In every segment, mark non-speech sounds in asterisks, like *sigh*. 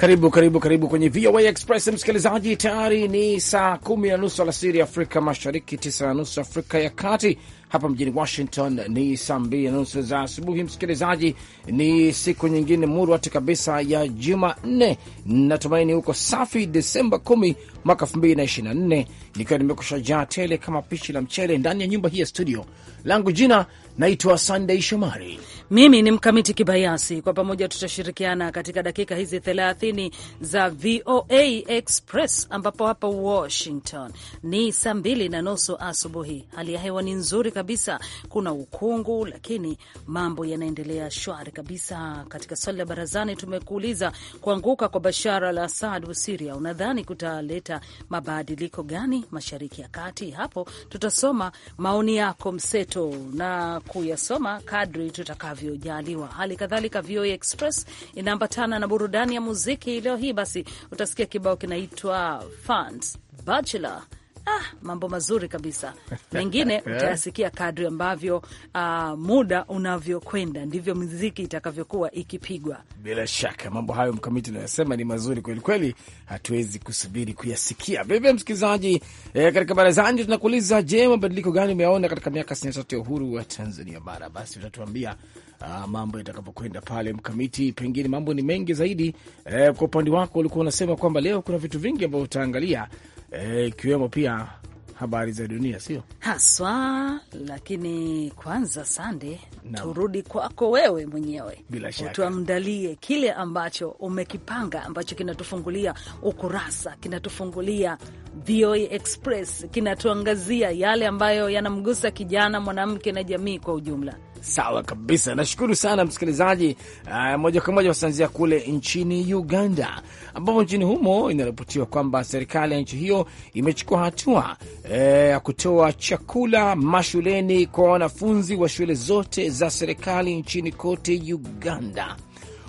Karibu karibu karibu kwenye VOA Express msikilizaji, tayari ni saa kumi na nusu alasiri Afrika Mashariki, tisa na nusu Afrika ya Kati. Hapa mjini Washington ni saa mbili na nusu za asubuhi. Msikilizaji, ni siku nyingine murwati kabisa ya juma nne. Natumaini huko safi, Desemba kumi mwaka elfu mbili na ishirini na nne, nikiwa nimekusha jaa tele kama pishi la mchele ndani ya nyumba hii ya studio langu. Jina Naitwa Sunday Shomari, mimi ni mkamiti kibayasi. Kwa pamoja tutashirikiana katika dakika hizi 30 za VOA Express, ambapo hapa Washington ni saa mbili na nusu asubuhi. Hali ya hewa ni nzuri kabisa, kuna ukungu, lakini mambo yanaendelea shwari kabisa. Katika swali la barazani tumekuuliza, kuanguka kwa Bashar al Assad wa Siria unadhani kutaleta mabadiliko gani mashariki ya kati? Hapo tutasoma maoni yako mseto na kuyasoma kadri tutakavyojaliwa. Hali kadhalika VOA Express inaambatana na burudani ya muziki. Leo hii basi utasikia kibao kinaitwa Fans Bachelor Ah, mambo mazuri kabisa. *laughs* Mengine eh? utayasikia kadri ambavyo uh, muda unavyokwenda ndivyo muziki itakavyokuwa ikipigwa. Bila shaka mambo hayo mkamiti unayosema ni mazuri kwelikweli, hatuwezi kusubiri kuyasikia. Vilevile msikilizaji, eh, katika barazani tunakuuliza, je, mabadiliko gani umeona katika miaka sitini na tatu ya uhuru wa Tanzania bara? Basi utatuambia ah, mambo yatakapokwenda pale mkamiti, pengine mambo ni mengi zaidi. Eh, kwa upande wako ulikuwa unasema kwamba leo kuna vitu vingi ambavyo utaangalia Eh, ikiwemo e, pia habari za dunia sio haswa. Lakini kwanza, Sande, turudi kwako wewe mwenyewe, bila shaka tuandalie kile ambacho umekipanga ambacho kinatufungulia ukurasa, kinatufungulia VOA Express, kinatuangazia yale ambayo yanamgusa kijana, mwanamke na jamii kwa ujumla. Sawa kabisa, nashukuru sana msikilizaji. Uh, moja kwa moja wasanzia kule nchini Uganda, ambapo nchini humo inaripotiwa kwamba serikali ya nchi hiyo imechukua hatua e, ya eh, kutoa chakula mashuleni kwa wanafunzi wa shule zote za serikali nchini kote Uganda.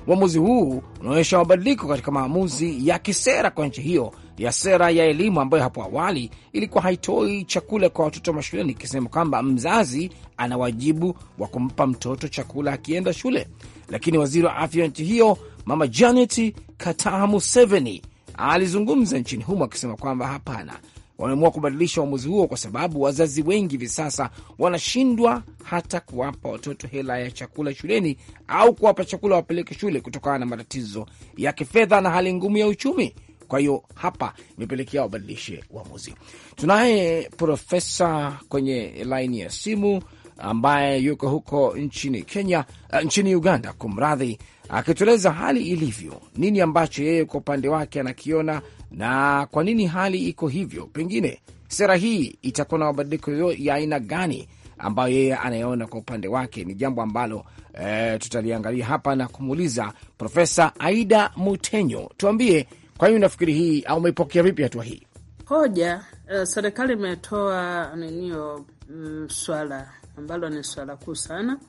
Uamuzi huu unaonyesha mabadiliko katika maamuzi ya kisera kwa nchi hiyo ya sera ya elimu ambayo hapo awali ilikuwa haitoi chakula kwa watoto mashuleni, ikisema kwamba mzazi ana wajibu wa kumpa mtoto chakula akienda shule. Lakini waziri wa afya nchi hiyo Mama Janet kataha Museveni alizungumza nchini humo akisema kwamba hapana, wameamua kubadilisha uamuzi huo kwa sababu wazazi wengi hivi sasa wanashindwa hata kuwapa watoto hela ya chakula shuleni au kuwapa chakula wapeleke shule kutokana na matatizo ya kifedha na hali ngumu ya uchumi. Kwa hiyo hapa imepelekea wabadilishe uamuzi. Tunaye profesa kwenye laini ya simu ambaye yuko huko nchini Kenya, uh, nchini Uganda kumradhi, akitueleza hali ilivyo, nini ambacho yeye kwa upande wake anakiona na kwa nini hali iko hivyo, pengine sera hii itakuwa na mabadiliko ya aina gani ambayo yeye anayeona kwa upande wake. Ni jambo ambalo e, tutaliangalia hapa na kumuuliza Profesa Aida Mutenyo, tuambie kwa hiyo unafikiri hii au umeipokea vipi hatua hii hoja? Uh, serikali imetoa ninio mm, swala ambalo ni swala kuu sana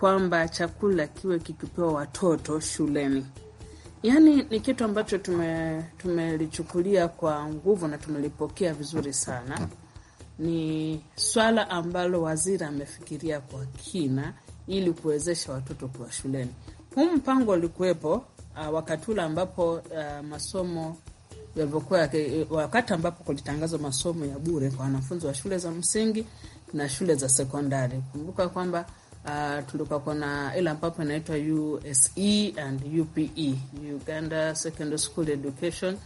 kwamba chakula kiwe kikipewa watoto shuleni. Yaani ni kitu ambacho tume tumelichukulia kwa nguvu na tumelipokea vizuri sana. Ni swala ambalo waziri amefikiria kwa kina ili kuwezesha watoto kuwa shuleni. Huu mpango ulikuwepo uh, wakati ule ambapo uh, masomo yalivyokuwa, wakati ambapo kulitangazwa masomo ya bure kwa wanafunzi wa shule za msingi na shule za sekondari. Kumbuka kwamba uh, tulikuwa kuna ile ambapo inaitwa USE and UPE, Uganda Secondary School Education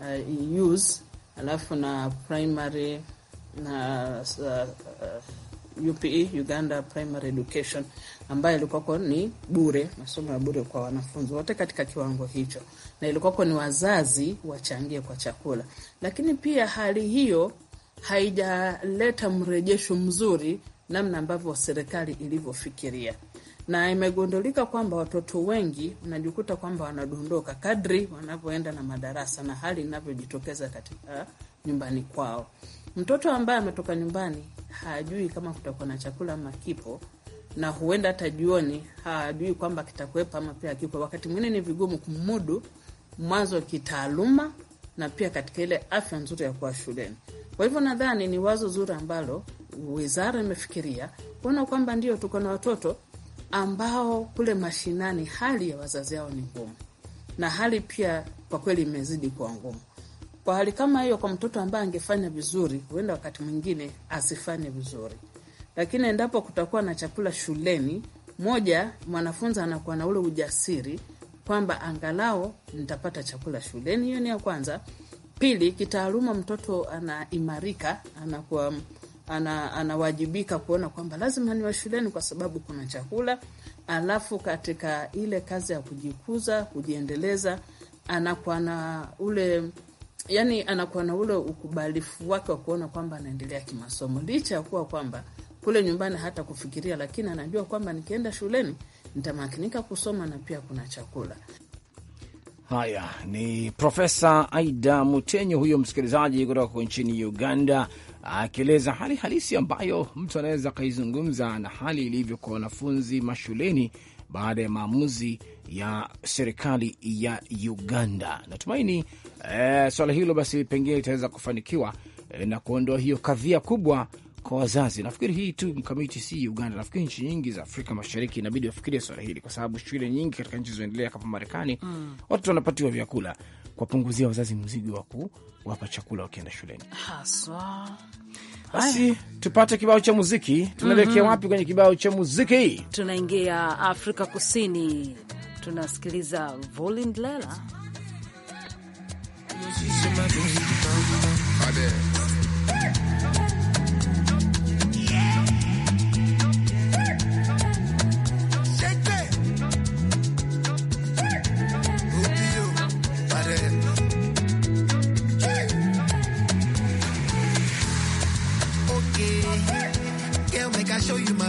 uh, eh, use alafu na primary na uh, eh, uh, UPE Uganda Primary Education ambayo ilikuwako ni bure, masomo ya bure kwa wanafunzi wote katika kiwango hicho, na ilikuwako ni wazazi wachangie kwa chakula. Lakini pia hali hiyo haijaleta mrejesho mzuri namna ambavyo serikali ilivyofikiria na imegundulika kwamba watoto wengi unajikuta kwamba wanadondoka kadri wanavyoenda na madarasa na hali inavyojitokeza katika nyumbani kwao. Mtoto ambaye ametoka nyumbani hajui kama kutakuwa na chakula ama kipo, na huenda hata jioni hajui kwamba kitakuwepo ama pia kiko. Wakati mwingine ni vigumu kumudu mwanzo kitaaluma na pia katika ile afya nzuri ya kuwa shuleni. Kwa hivyo nadhani ni wazo zuri ambalo wizara imefikiria kuona kwamba ndio tuko na watoto ambao kule mashinani hali ya wazazi yao ni ngumu, na hali pia kwa kweli imezidi kuwa ngumu. Kwa hali kama hiyo, kwa mtoto ambaye angefanya vizuri, huenda wakati mwingine asifanye vizuri. Lakini endapo kutakuwa na chakula shuleni, moja, mwanafunzi anakuwa na ule ujasiri kwamba angalau nitapata chakula shuleni. Hiyo ni ya kwanza. Pili, kitaaluma mtoto anaimarika, anakuwa ana, anawajibika kuona kwamba lazima niwe shuleni kwa sababu kuna chakula. Alafu katika ile kazi ya kujikuza, kujiendeleza, anakuwa na ule yani, anakuwa na ule ukubalifu wake wa kuona kwamba anaendelea kimasomo licha ya kuwa kwamba kule nyumbani hata kufikiria, lakini anajua kwamba nikienda shuleni nitamakinika kusoma na pia kuna chakula. Haya ni Profesa Aida Mutenyo huyo msikilizaji kutoka nchini Uganda, akieleza hali halisi ambayo mtu anaweza akaizungumza na hali ilivyo kwa wanafunzi mashuleni baada ya maamuzi ya serikali ya Uganda. Natumaini eh, swala hilo basi pengine litaweza kufanikiwa eh, na kuondoa hiyo kadhia kubwa kwa wazazi. Nafikiri hii tu mkamiti si Uganda, nafikiri nchi nyingi za Afrika Mashariki inabidi wafikirie swala hili, kwa sababu shule nyingi katika nchi zinaendelea kama Marekani mm. watoto wanapatiwa vyakula, kuwapunguzia wazazi mzigo wa kuwapa chakula wakienda shuleni haswa. Basi tupate kibao cha muziki. Tunaelekea mm -hmm. wapi kwenye kibao cha muziki? Tunaingia Afrika Kusini, tunasikiliza Vulindlela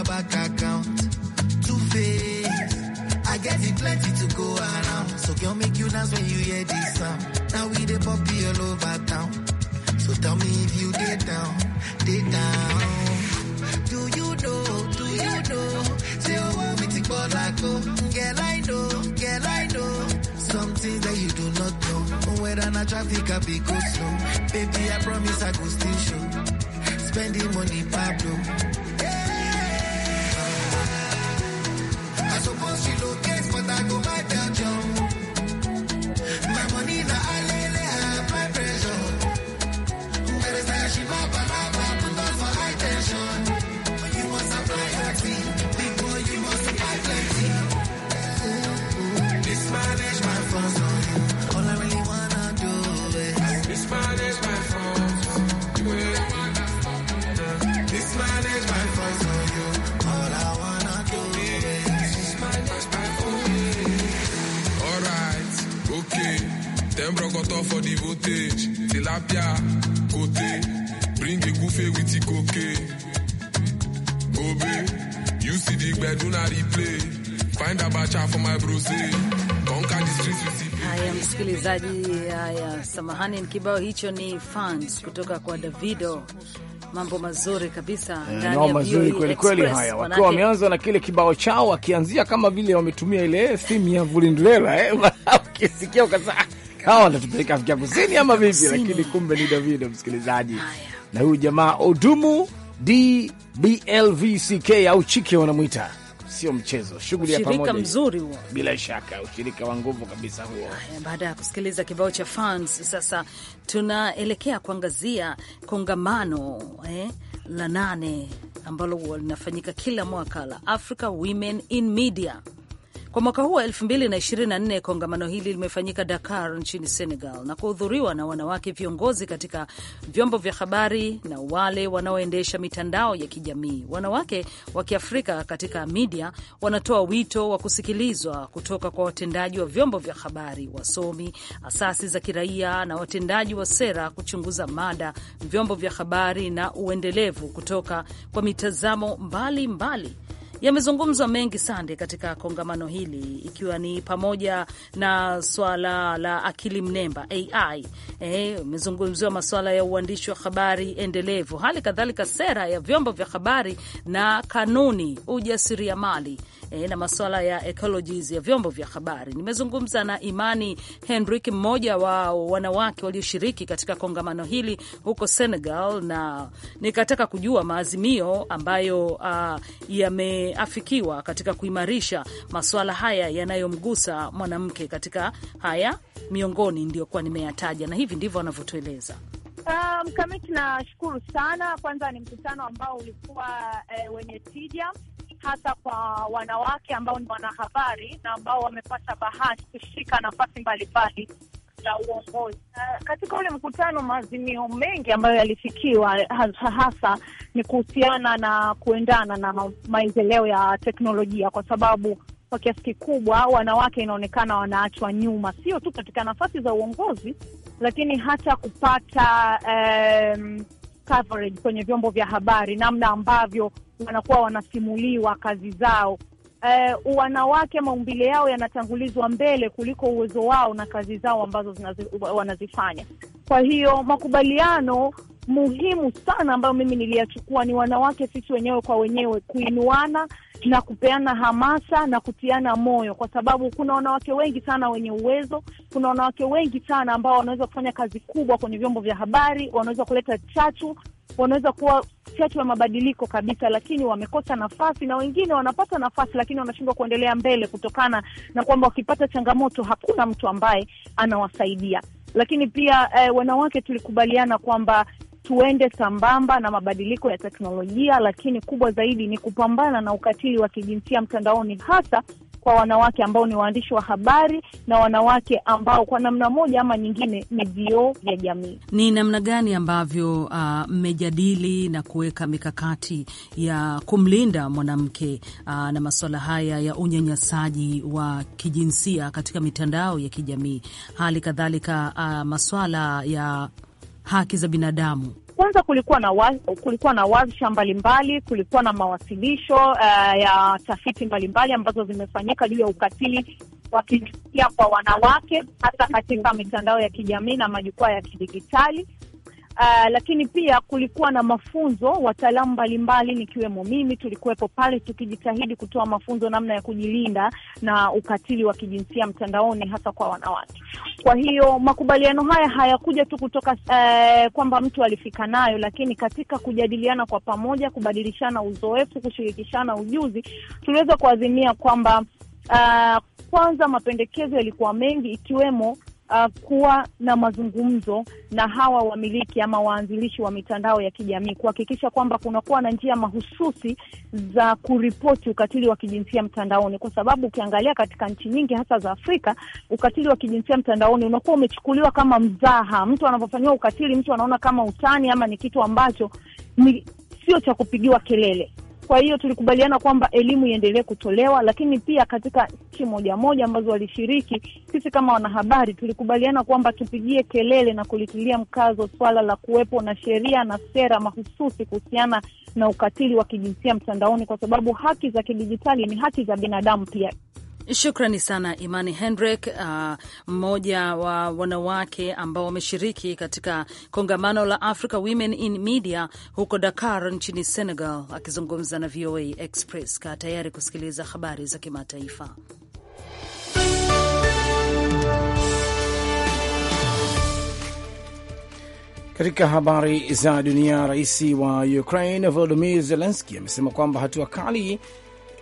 my bank account. Two face, I get it plenty to go around. So girl, make you dance when you hear this sound. Now we the poppy all over town. So tell me if you did down, did down. Do you know? Do you know? Say you want me to go like oh, girl I know, girl I know. Some things that you do not know. Whether not traffic I be go slow. Baby, I promise I go still show. Spending money, Pablo. She look but I go buy that jump. My money, now I Dem brokoto for the voltage. Tilapia, kote. Bring a goofy with the cocaine. Obe, you see the bed, do not replay. Find a bacha for my Conquer the streets bruise. Haya msikilizaji, haya samahani, ni kibao hicho ni fans kutoka kwa Davido. Mambo mazuri kabisa, mambo eh, mazuri kweli kweli. Haya wakiwa wameanza na kile kibao chao, wakianzia kama vile wametumia ile simu ya vulindrela eh, *laughs* ukisikia ukasa hawa wanatupeleka Afrika Kusini ama vipi? Lakini kumbe ni Davido, msikilizaji, na huyu jamaa Odumu DBLVCK au Chike wanamwita Sio mchezo, shughuli ya pamoja mzuri huo, bila shaka ushirika wa nguvu kabisa huo. Baada ya kusikiliza kibao cha fans, sasa tunaelekea kuangazia kongamano eh, la nane ambalo linafanyika kila mwaka la Africa Women in Media kwa mwaka huu wa 2024 kongamano hili limefanyika Dakar nchini Senegal na kuhudhuriwa na wanawake viongozi katika vyombo vya habari na wale wanaoendesha mitandao ya kijamii. Wanawake wa Kiafrika katika media wanatoa wito wa kusikilizwa kutoka kwa watendaji wa vyombo vya habari, wasomi, asasi za kiraia na watendaji wa sera kuchunguza mada, vyombo vya habari na uendelevu kutoka kwa mitazamo mbalimbali mbali. Yamezungumzwa mengi sande katika kongamano hili, ikiwa ni pamoja na swala la akili mnemba AI, imezungumziwa eh, e, maswala ya uandishi wa habari endelevu, hali kadhalika sera ya vyombo vya habari na kanuni ujasiriamali e, na masuala ya ecologies ya vyombo vya habari. Nimezungumza na Imani Henrik, mmoja wa wanawake walioshiriki katika kongamano hili huko Senegal, na nikataka kujua maazimio ambayo uh, yameafikiwa katika kuimarisha masuala haya yanayomgusa mwanamke katika haya miongoni ndiyokuwa nimeyataja, na hivi ndivyo wanavyotueleza. Ah, mkamiti, um, nashukuru sana. Kwanza ni mkutano ambao ulikuwa eh, wenye tija hasa kwa wanawake ambao ni wanahabari na ambao wamepata bahati kushika nafasi mbalimbali za uongozi. Uh, katika ule mkutano, maazimio mengi ambayo yalifikiwa hasa hasa ni kuhusiana na kuendana na maendeleo ya teknolojia, kwa sababu kwa kiasi kikubwa wanawake inaonekana wanaachwa nyuma, sio tu katika nafasi za uongozi, lakini hata kupata um, coverage kwenye vyombo vya habari, namna ambavyo wanakuwa wanasimuliwa kazi zao. Uh, wanawake maumbile yao yanatangulizwa mbele kuliko uwezo wao na kazi zao ambazo zinazi, wanazifanya. Kwa hiyo makubaliano muhimu sana ambayo mimi niliyachukua ni wanawake sisi wenyewe kwa wenyewe kuinuana na kupeana hamasa na kutiana moyo, kwa sababu kuna wanawake wengi sana wenye uwezo, kuna wanawake wengi sana ambao wanaweza kufanya kazi kubwa kwenye vyombo vya habari, wanaweza kuleta chachu, wanaweza kuwa chachu ya mabadiliko kabisa, lakini wamekosa nafasi, na wengine wanapata nafasi lakini wanashindwa kuendelea mbele kutokana na kwamba wakipata changamoto hakuna mtu ambaye anawasaidia. Lakini pia eh, wanawake tulikubaliana kwamba tuende sambamba na mabadiliko ya teknolojia, lakini kubwa zaidi ni kupambana na ukatili wa kijinsia mtandaoni, hasa kwa wanawake ambao ni waandishi wa habari na wanawake ambao kwa namna moja ama nyingine ni vioo vya jamii. Ni namna gani ambavyo uh, mmejadili uh, na kuweka mikakati ya kumlinda mwanamke uh, na masuala haya ya unyanyasaji wa kijinsia katika mitandao ya kijamii, hali kadhalika uh, masuala ya haki za binadamu? Kwanza kulikuwa na wa, kulikuwa na warsha mbalimbali, kulikuwa na mawasilisho uh, ya tafiti mbalimbali ambazo zimefanyika juu ya ukatili wa kijinsia kwa wanawake hasa katika mitandao ya kijamii na majukwaa ya kidigitali Uh, lakini pia kulikuwa na mafunzo, wataalamu mbalimbali nikiwemo mimi tulikuwepo pale tukijitahidi kutoa mafunzo namna ya kujilinda na ukatili wa kijinsia mtandaoni hasa kwa wanawake. Kwa hiyo makubaliano haya hayakuja tu kutoka uh, kwamba mtu alifika nayo, lakini katika kujadiliana kwa pamoja, kubadilishana uzoefu, kushirikishana ujuzi, tuliweza kuazimia kwamba uh, kwanza mapendekezo yalikuwa mengi ikiwemo uh, kuwa na mazungumzo na hawa wamiliki ama waanzilishi wa mitandao ya kijamii kuhakikisha kwamba kunakuwa na njia mahususi za kuripoti ukatili wa kijinsia mtandaoni, kwa sababu ukiangalia katika nchi nyingi hasa za Afrika, ukatili wa kijinsia mtandaoni unakuwa umechukuliwa kama mzaha. Mtu anapofanyiwa ukatili, mtu anaona kama utani ama ni kitu ambacho ni sio cha kupigiwa kelele. Kwa hiyo tulikubaliana kwamba elimu iendelee kutolewa, lakini pia katika nchi moja moja ambazo walishiriki, sisi kama wanahabari tulikubaliana kwamba tupigie kelele na kulitilia mkazo swala la kuwepo na sheria na sera mahususi kuhusiana na ukatili wa kijinsia mtandaoni, kwa sababu haki za kidijitali ni haki za binadamu pia. Shukrani sana Imani Hendrik, uh, mmoja wa wanawake ambao wameshiriki katika kongamano la Africa Women in Media huko Dakar nchini Senegal, akizungumza na VOA Express. Kaa tayari kusikiliza habari za kimataifa. Katika habari za dunia, rais wa Ukraine Volodymyr Zelensky amesema kwamba hatua kali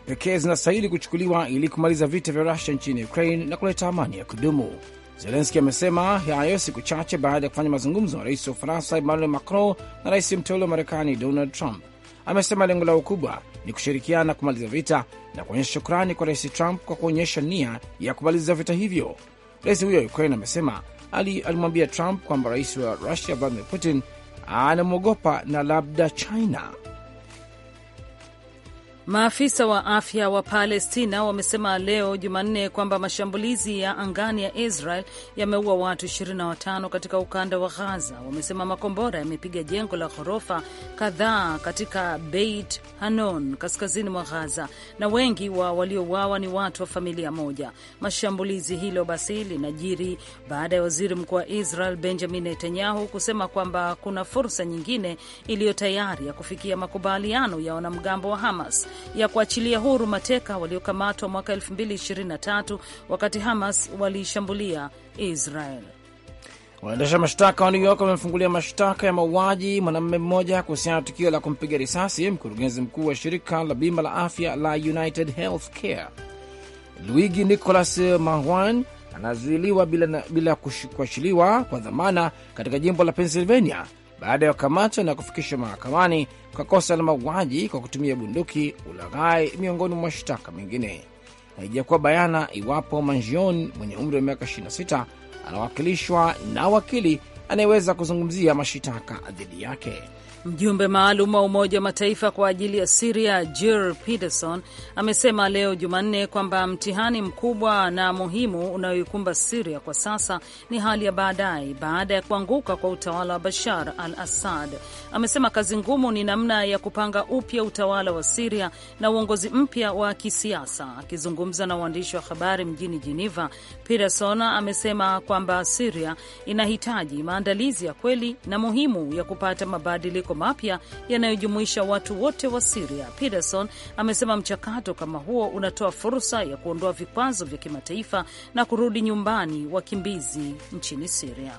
pekee zinastahili kuchukuliwa ili kumaliza vita vya Rusia nchini Ukraine na kuleta amani ya kudumu. Zelenski amesema hayo siku chache baada ya kufanya mazungumzo na rais wa Ufaransa Emmanuel Macron na rais mteule wa Marekani Donald Trump. Amesema lengo lao kubwa ni kushirikiana kumaliza vita na kuonyesha shukrani kwa rais Trump kwa kuonyesha nia ya kumaliza vita hivyo. Rais huyo wa Ukraine amesema alimwambia Trump kwamba rais wa Rusia Vladimir Putin anamwogopa na labda China Maafisa wa afya wa Palestina wamesema leo Jumanne kwamba mashambulizi ya angani ya Israel yameua watu 25 katika ukanda wa Ghaza. Wamesema makombora yamepiga jengo la ghorofa kadhaa katika Beit Hanon, kaskazini mwa Ghaza, na wengi wa waliouawa ni watu wa familia moja. Mashambulizi hilo basi linajiri baada ya waziri mkuu wa Israel Benjamin Netanyahu kusema kwamba kuna fursa nyingine iliyo tayari ya kufikia makubaliano ya wanamgambo wa Hamas ya kuachilia huru mateka waliokamatwa mwaka 2023 wakati Hamas waliishambulia Israel. Waendesha mashtaka wa New York wamefungulia mashtaka ya mauaji mwanamume mmoja kuhusiana na tukio la kumpiga risasi mkurugenzi mkuu wa shirika la bima la afya la United Healthcare. Luigi Nicolas Marwan anazuiliwa bila, bila kuachiliwa kwa dhamana katika jimbo la Pennsylvania baada ya kukamatwa na kufikishwa mahakamani kwa kosa la mauaji kwa kutumia bunduki, ulaghai, miongoni mwa mashtaka mengine. Haijakuwa bayana iwapo manjion mwenye umri wa miaka 26 anawakilishwa na wakili anayeweza kuzungumzia mashitaka dhidi yake. Mjumbe maalum wa Umoja wa Mataifa kwa ajili ya Siria jir Peterson amesema leo Jumanne kwamba mtihani mkubwa na muhimu unayoikumba Siria kwa sasa ni hali ya baadaye baada ya kuanguka kwa utawala wa Bashar al Assad. Amesema kazi ngumu ni namna ya kupanga upya utawala wa Siria na uongozi mpya wa kisiasa. Akizungumza na waandishi wa habari mjini jeneva Peterson amesema kwamba Siria inahitaji maandalizi ya kweli na muhimu ya kupata mabadiliko mabadiliko mapya yanayojumuisha watu wote wa Siria. Peterson amesema mchakato kama huo unatoa fursa ya kuondoa vikwazo vya kimataifa na kurudi nyumbani wakimbizi nchini Siria.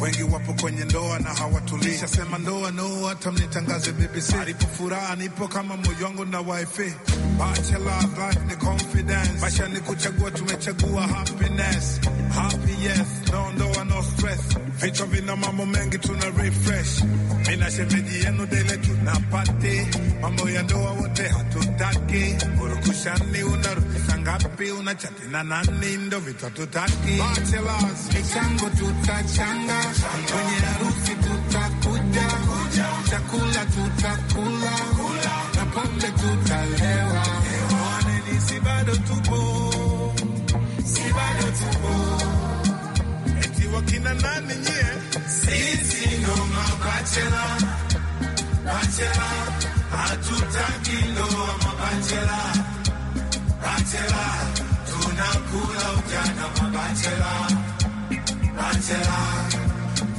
wengi wapo kwenye ndoa na hawatulii. Shasema ndoa no, hata mnitangaze BBC. Alipo furaha nipo kama moyo wangu na wife. Bachelor of life ni confidence, maisha ni kuchagua, tumechagua happiness. Happy yes, no ndoa no stress, vichwa vina mambo mengi, tuna refresh. Mina shemeji yenu dele tunapate mambo ya ndoa, wote hatutaki Urukushani Unarukisha ngapi? Unachati na nani? Ndo vitu hatutaki. Bachelors, michango tutachanga kwenye harusi tutakuja, chakula tutakula na pombe tutalewa. Mwaneni, si bado tupo, si bado tupo, eti wakina nani nyie? Sisi ndo mabachela, bachela, hatutaki ndoa mabachela, bachela, tunakula ujana mabachela, bachela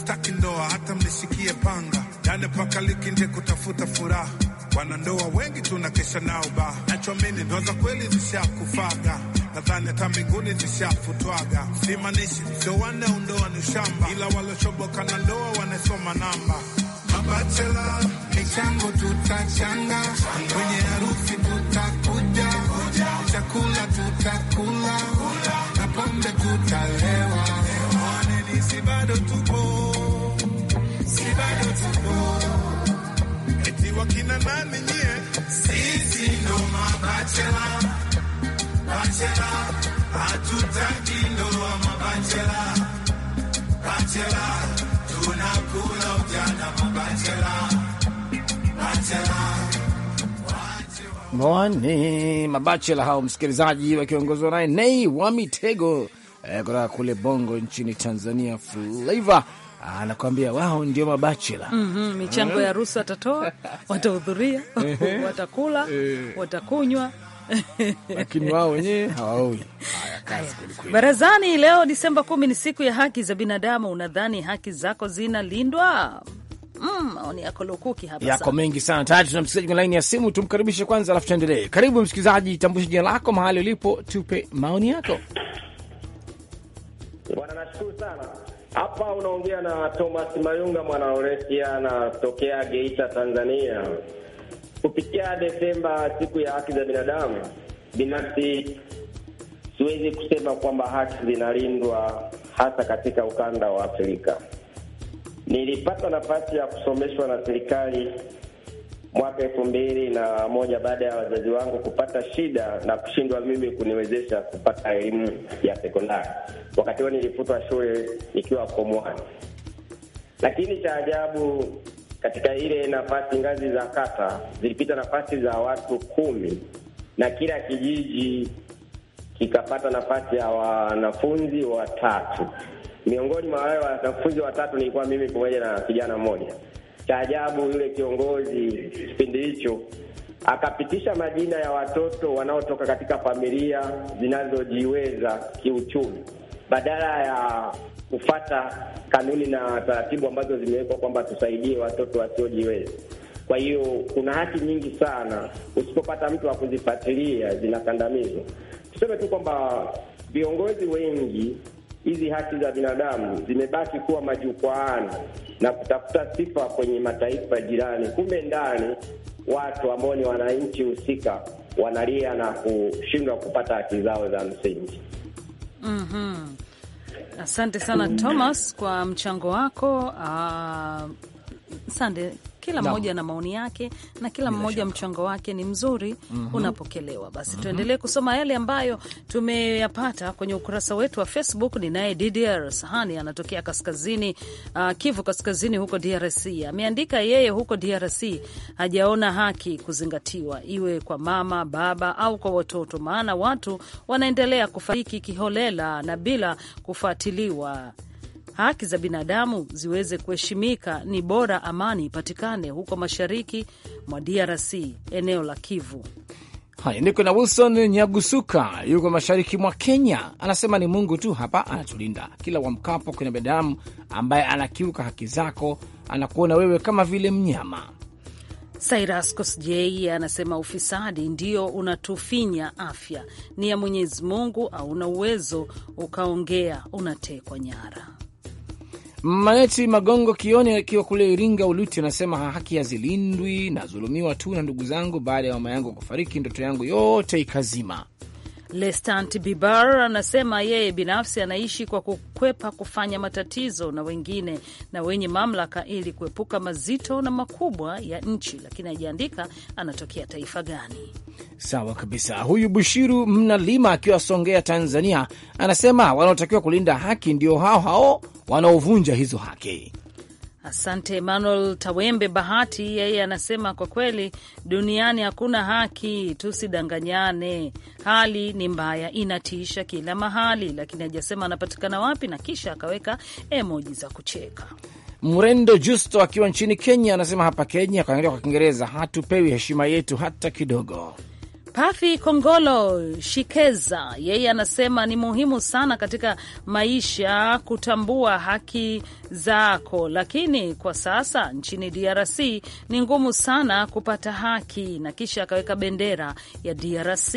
hamtaki ndoa hata mnisikie panga dane yaani paka nje kutafuta furaha. Wanandoa wengi tunakesha nao ba nachomini ndoa za kweli zishakufaga nadhani hata mbinguni zishafutwaga. Simaanishi sio wanne undoa ni shamba ila walochoboka na ndoa wanasoma namba. Mabachela michango tutachanga, kwenye harusi tutakuja, chakula tutakula wakina nani nyie? Sisi ndo mabachela, bachela, hatutaki ndoa mabachela, bachela, tunakula ujana mabachela, bachela Mwani mabachela hao, msikilizaji, wakiongozwa naye Nei wa Mitego eh, kutoka kule Bongo nchini Tanzania, Flavor anakwambia wao ndio mabachela. mm -hmm, michango ya harusi watatoa, watahudhuria, watakula, watakunywa lakini wao wenyewe hawaoi. *laughs* Barazani leo Disemba kumi ni siku ya haki za binadamu. Unadhani haki zako zinalindwa? Mm, maoni mm, yako lukuki hapa yako mengi sana. Tayari tuna msikilizaji kwenye laini ya simu, tumkaribishe kwanza alafu tuendelee. Karibu msikilizaji, tambushe jina lako, mahali ulipo, tupe maoni yako bwana. Nashukuru sana hapa unaongea na Thomas Mayunga mwana oresia anatokea Geita, Tanzania. Kupitia Desemba, siku ya haki za binadamu, binafsi siwezi kusema kwamba haki zinalindwa hasa katika ukanda wa Afrika. Nilipata nafasi ya kusomeshwa na serikali mwaka elfu mbili na moja baada ya wazazi wangu kupata shida na kushindwa mimi kuniwezesha kupata elimu ya sekondari. Wakati huo nilifutwa shule nikiwa form one, lakini cha ajabu katika ile nafasi, ngazi za kata zilipita nafasi za watu kumi na kila kijiji kikapata nafasi ya wanafunzi watatu. Miongoni mwa wale wanafunzi watatu nilikuwa mimi pamoja na kijana mmoja ajabu, yule kiongozi kipindi hicho akapitisha majina ya watoto wanaotoka katika familia zinazojiweza kiuchumi badala ya kufata kanuni na taratibu ambazo zimewekwa kwamba tusaidie watoto wasiojiweza. Kwa hiyo kuna haki nyingi sana, usipopata mtu wa kuzifuatilia zinakandamizwa. Tuseme tu kwamba viongozi wengi hizi haki za binadamu zimebaki kuwa majukwaani na kutafuta sifa kwenye mataifa jirani, kumbe ndani watu ambao ni wananchi husika wanalia na kushindwa kupata haki zao za msingi. mm -hmm. Asante sana mm. Thomas kwa mchango wako. Uh, ah, sande kila mmoja na maoni yake na kila mmoja mchango wake ni mzuri, mm -hmm. unapokelewa. Basi mm -hmm. tuendelee kusoma yale ambayo tumeyapata kwenye ukurasa wetu wa Facebook. Ni naye DDR Sahani anatokea kaskazini, uh, Kivu Kaskazini huko DRC. Ameandika yeye huko DRC hajaona haki kuzingatiwa, iwe kwa mama, baba au kwa watoto, maana watu wanaendelea kufariki kiholela na bila kufuatiliwa haki za binadamu ziweze kuheshimika, ni bora amani ipatikane huko mashariki mwa DRC, eneo la Kivu. Haya, niko na Wilson Nyagusuka, yuko mashariki mwa Kenya. Anasema ni Mungu tu hapa anatulinda kila wamkapo. Kuna binadamu ambaye anakiuka haki zako, anakuona wewe kama vile mnyama. Cyrus Kosjei anasema ufisadi ndio unatufinya afya, ni ya Mwenyezi Mungu, hauna uwezo ukaongea, unatekwa nyara. Maneti Magongo kioni akiwa kule Iringa Uluti anasema haki hazilindwi, nazulumiwa tu na ndugu zangu. Baada ya mama yangu kufariki, ndoto yangu yote ikazima. Lestant Bibar anasema yeye binafsi anaishi kwa kukwepa kufanya matatizo na wengine na wenye mamlaka ili kuepuka mazito na makubwa ya nchi, lakini hajaandika anatokea taifa gani. Sawa kabisa. Huyu Bushiru Mnalima akiwa Songea, Tanzania, anasema wanaotakiwa kulinda haki ndio hao hao wanaovunja hizo haki. Asante Emmanuel Tawembe Bahati, yeye anasema kwa kweli duniani hakuna haki, tusidanganyane. Hali ni mbaya, inatisha kila mahali, lakini hajasema anapatikana wapi, na kisha akaweka emoji za kucheka. Mrendo Justo akiwa nchini Kenya anasema hapa Kenya, kaangalia kwa Kiingereza, hatupewi heshima yetu hata kidogo. Kafi Kongolo Shikeza yeye anasema ni muhimu sana katika maisha kutambua haki zako, lakini kwa sasa nchini DRC ni ngumu sana kupata haki, na kisha akaweka bendera ya DRC.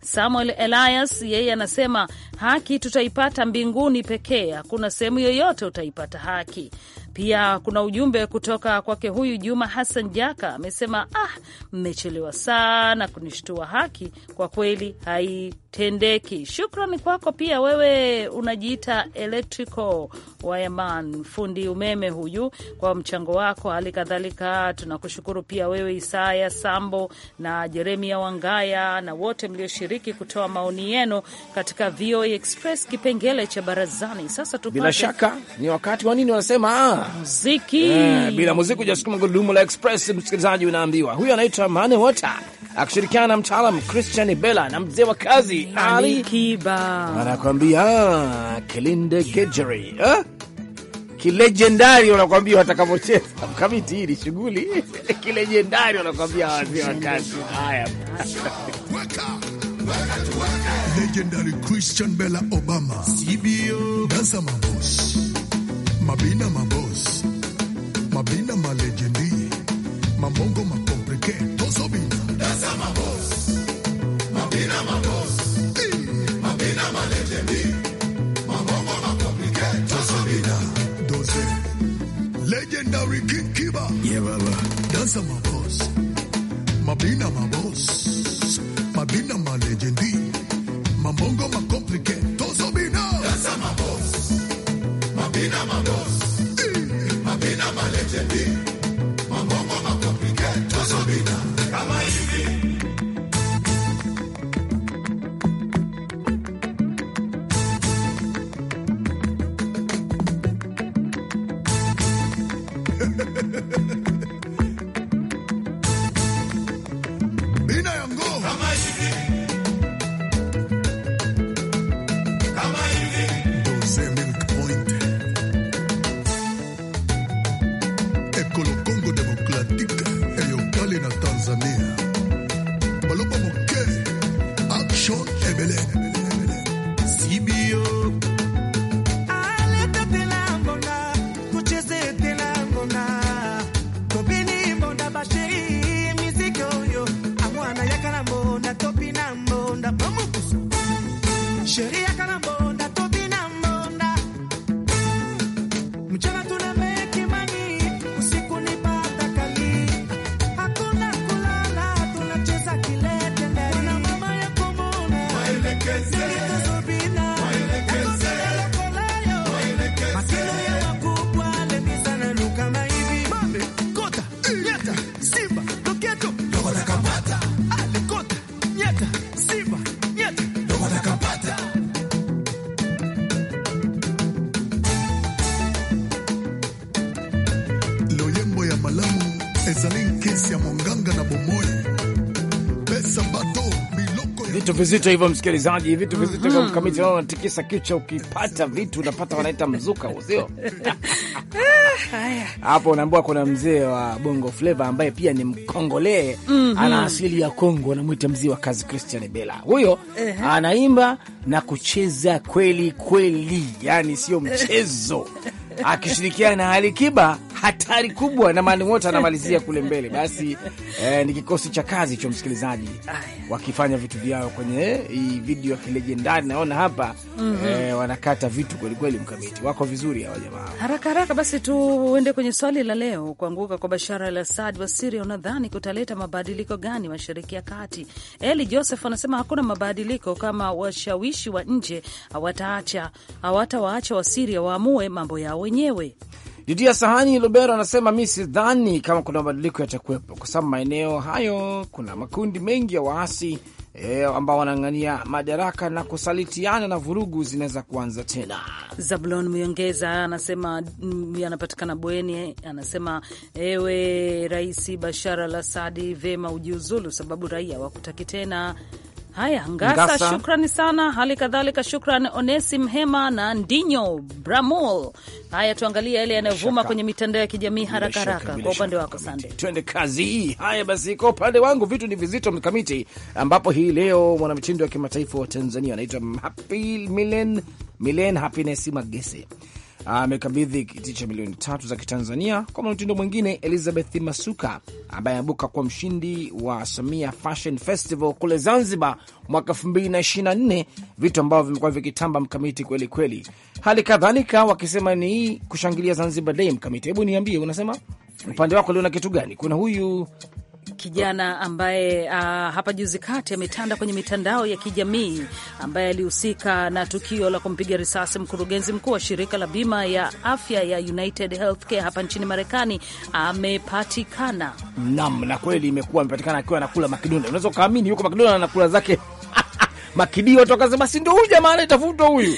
Samuel Elias yeye anasema haki tutaipata mbinguni pekee, hakuna sehemu yoyote utaipata haki. Pia kuna ujumbe kutoka kwake huyu Juma Hassan Jaka amesema, ah, mmechelewa sana kunishtua, haki kwa kweli hai Tendeki. Shukrani kwako pia wewe unajiita electrical wayaman, fundi umeme huyu, kwa mchango wako. Hali kadhalika tunakushukuru pia wewe Isaya Sambo na Jeremia Wangaya na wote mlioshiriki kutoa maoni yenu katika VOA Express kipengele cha barazani. Sasa tupate, bila shaka ni wakati wa nini wanasema muziki. Eh, bila muziki hujasukuma gurudumu la Express. Msikilizaji unaambiwa, huyu anaitwa Mane akishirikiana na mtaalam Christian Bella na mzee wa kazi Ali Kiba anakuambia Kilindegejeri ah? Kilejendari eh? wanakwambia, watakavyocheza *laughs* mkamiti hili shughuli *laughs* kilejendari wanakwambia wazee wa kazi haya Legendary Christian Bella Obama CBO Gaza Mabos Mabina Mabos Mabina Malegendi mambongo Makomplike tosobina Legendary King Kiba. Yeah, Baba. Dancer my boss. Mabina my boss. Mabina my legendy. Mamongo my complicate. Tozo Bina. Dancer my boss. Mabina my boss. Mabina eh. my legendy. vitu vizito hivyo, msikilizaji, vitu vizito hivyo mm -hmm. Mkamiti wao wanatikisa kichwa, ukipata vitu unapata wanaita mzuka, sio *laughs* hapo? Unaambiwa kuna mzee wa Bongo Flava ambaye pia ni Mkongolee mm -hmm. ana asili ya Kongo, anamwita mzee wa kazi Christian Bella huyo uh -huh. anaimba na kucheza kweli kweli, yani sio mchezo *laughs* akishirikiana na hali Kiba, hatari kubwa na mani wote anamalizia kule mbele. Basi eh, ni kikosi cha kazi cho msikilizaji wakifanya vitu vyao kwenye eh, hii video ya kilegendari. Naona hapa mm -hmm. eh, wanakata vitu kwelikweli, mkamiti wako vizuri hawa jamaa. Haraka haraka basi tuende kwenye swali la leo. Kuanguka kwa Bashara al Asad wa Siria, unadhani kutaleta mabadiliko gani mashariki ya kati? Eli Joseph anasema hakuna mabadiliko kama washawishi wa nje hawataacha hawatawaacha Wasiria waamue mambo yao wenyewe. Didia Sahani Lubero anasema mi sidhani kama kuna mabadiliko yatakuwepo, kwa sababu maeneo hayo kuna makundi mengi ya waasi E, ambao wanang'ania madaraka na kusalitiana na vurugu zinaweza kuanza tena. Zabulon Myongeza anasema mm, anapatikana Bweni, anasema ewe Rais Bashar al Asadi, vema ujiuzulu sababu raia wakutaki tena. Haya, Ngasa, Ngasa, shukrani sana. Hali kadhalika shukran Onesi Mhema na Ndinyo Bramul. Haya, tuangalie yale yanayovuma kwenye mitandao ya kijamii haraka haraka. Kwa upande wako Sande, twende kazi. hii Haya basi, kwa upande wangu vitu ni vizito mkamiti, ambapo hii leo mwanamitindo wa kimataifa wa Tanzania anaitwa Milen Happiness Magese amekabidhi kiti cha milioni tatu za kitanzania kwa mwanamtindo mwingine Elizabeth Masuka ambaye amebuka kuwa mshindi wa Samia Fashion Festival kule Zanzibar mwaka 2024, vitu ambavyo vimekuwa vikitamba mkamiti kweli kweli. Hali kadhalika wakisema ni kushangilia Zanzibar Day. Mkamiti, hebu niambie, unasema upande wako uliona kitu gani? Kuna huyu kijana ambaye uh, hapa juzi kati ametanda kwenye mitandao ya kijamii ambaye alihusika na tukio la kumpiga risasi mkurugenzi mkuu wa shirika la bima ya afya ya United Healthcare hapa nchini Marekani amepatikana. Naam, na kweli imekuwa amepatikana akiwa anakula makidonda. Unaweza ukaamini yuko makidonda anakula zake makidio watu wakasema, si ndio huyu jamaa anayetafutwa huyu.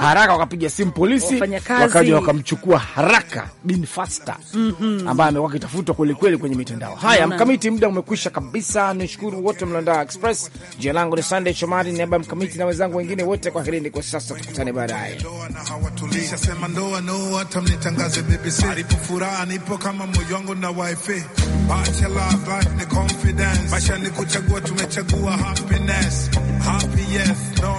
Haraka wakapiga simu polisi, wakaja wakamchukua haraka bin fasta mm -hmm. ambaye amekuwa akitafutwa kwelikweli kwenye mitandao haya. Mkamiti, muda umekwisha kabisa. Nishukuru wote mlandaa Express. Jina langu ni Sunday Shomari, niaba mkamiti na wenzangu wengine wote, kwa herini kwa sasa, tukutane baadaye. Yes.